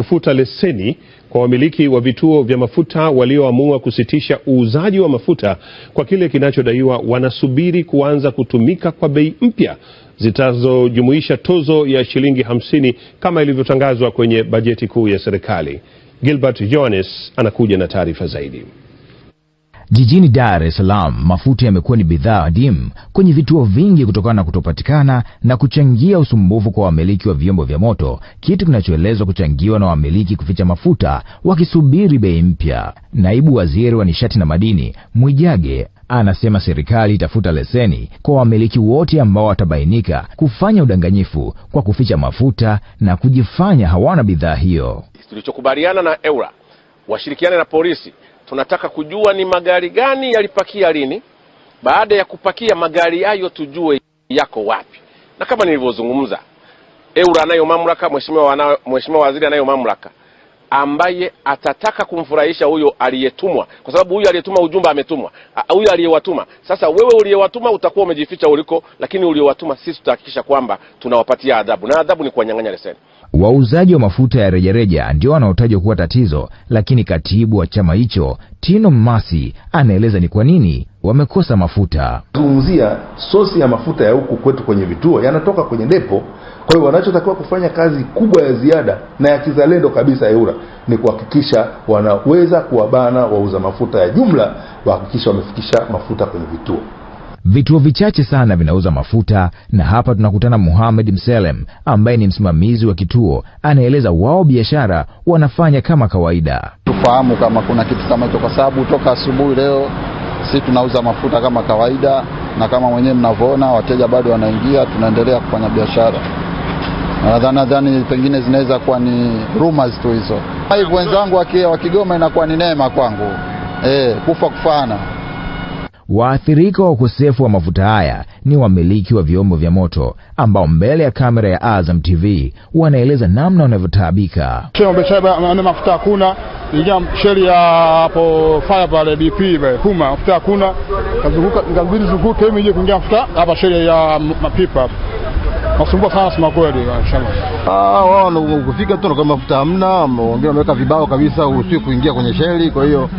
Kufuta leseni kwa wamiliki wa vituo vya mafuta walioamua kusitisha uuzaji wa mafuta kwa kile kinachodaiwa wanasubiri kuanza kutumika kwa bei mpya zitazojumuisha tozo ya shilingi hamsini kama ilivyotangazwa kwenye bajeti kuu ya serikali. Gilbert Johannes anakuja na taarifa zaidi. Jijini Dar es Salaam, mafuta yamekuwa ni bidhaa adimu kwenye vituo vingi kutokana na kutopatikana na kuchangia usumbufu kwa wamiliki wa vyombo vya moto, kitu kinachoelezwa kuchangiwa na wamiliki kuficha mafuta wakisubiri bei mpya. Naibu Waziri wa Nishati na Madini Mwijage anasema serikali itafuta leseni kwa wamiliki wote ambao watabainika kufanya udanganyifu kwa kuficha mafuta na kujifanya hawana bidhaa hiyo. Tulichokubaliana na EWURA washirikiane na polisi tunataka kujua ni magari gani yalipakia lini. Baada ya kupakia magari hayo, tujue yako wapi, na kama nilivyozungumza, eura anayo mamlaka, mheshimiwa waziri anayo mamlaka ambaye atataka kumfurahisha huyo aliyetumwa, kwa sababu huyo aliyetuma ujumbe ametumwa, huyo aliyewatuma. Sasa wewe uliyewatuma utakuwa umejificha uliko, lakini uliyowatuma sisi tutahakikisha kwamba tunawapatia adhabu, na adhabu ni kuwanyang'anya leseni. Wauzaji wa mafuta ya rejareja ndio wanaotajwa kuwa tatizo, lakini katibu wa chama hicho Tino Mmasi anaeleza ni kwa nini wamekosa mafuta. Zungumzia sosi ya mafuta ya huku kwetu kwenye vituo yanatoka kwenye depo. Kwa hiyo wanachotakiwa kufanya kazi kubwa ya ziada na ya kizalendo kabisa EWURA ni kuhakikisha wanaweza kuwabana wauza mafuta ya jumla, wahakikisha wamefikisha mafuta kwenye vituo. Vituo vichache sana vinauza mafuta, na hapa tunakutana Muhamed Mselem ambaye ni msimamizi wa kituo, anaeleza wao biashara wanafanya kama kawaida. Tufahamu kama kuna kitu kama hicho, kwa sababu toka asubuhi leo sisi tunauza mafuta kama kawaida, na kama mwenyewe mnavyoona, wateja bado wanaingia, tunaendelea kufanya biashara. Nadhani pengine zinaweza kuwa ni rumors tu hizo. Wenzangu wa Kigoma inakuwa ni neema kwangu, e, kufa kufana. Waathirika wa ukosefu wa mafuta haya ni wamiliki wa vyombo vya moto ambao mbele ya kamera ya Azam TV wanaeleza namna wanavyotaabika. Mafuta hakuna ingia sheli ya hapo fire pale DP pale Puma, mafuta hakuna, kazunguka nikazidi zunguke mimi nje kuingia mafuta hapa sheli ya mapipa nasumbua sana sima kweli, inshallah. Ah, wao kufika tu na mafuta hamna, wengine wameweka vibao kabisa usiku kuingia kwenye sheli. Kwa hiyo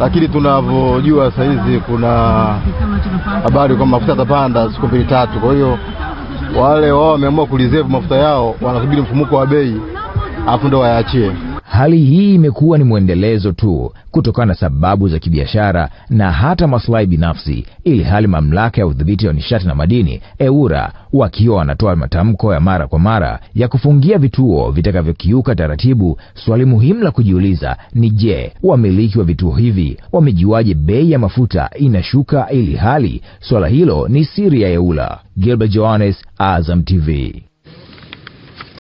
lakini tunavyojua sasa hizi kuna habari kwamba mafuta yatapanda siku mbili tatu, kwa hiyo wale wao wameamua kureserve mafuta yao, wanasubiri mfumuko wa bei afu ndo wayaachie. Hali hii imekuwa ni mwendelezo tu kutokana na sababu za kibiashara na hata maslahi binafsi, ili hali mamlaka ya udhibiti wa nishati na madini EWURA wakiwa wanatoa matamko ya mara kwa mara ya kufungia vituo vitakavyokiuka taratibu. Swali muhimu la kujiuliza ni je, wamiliki wa vituo hivi wamejuaje bei ya mafuta inashuka, ili hali swala hilo ni siri ya EWURA. Gilbert Johannes, Azam TV.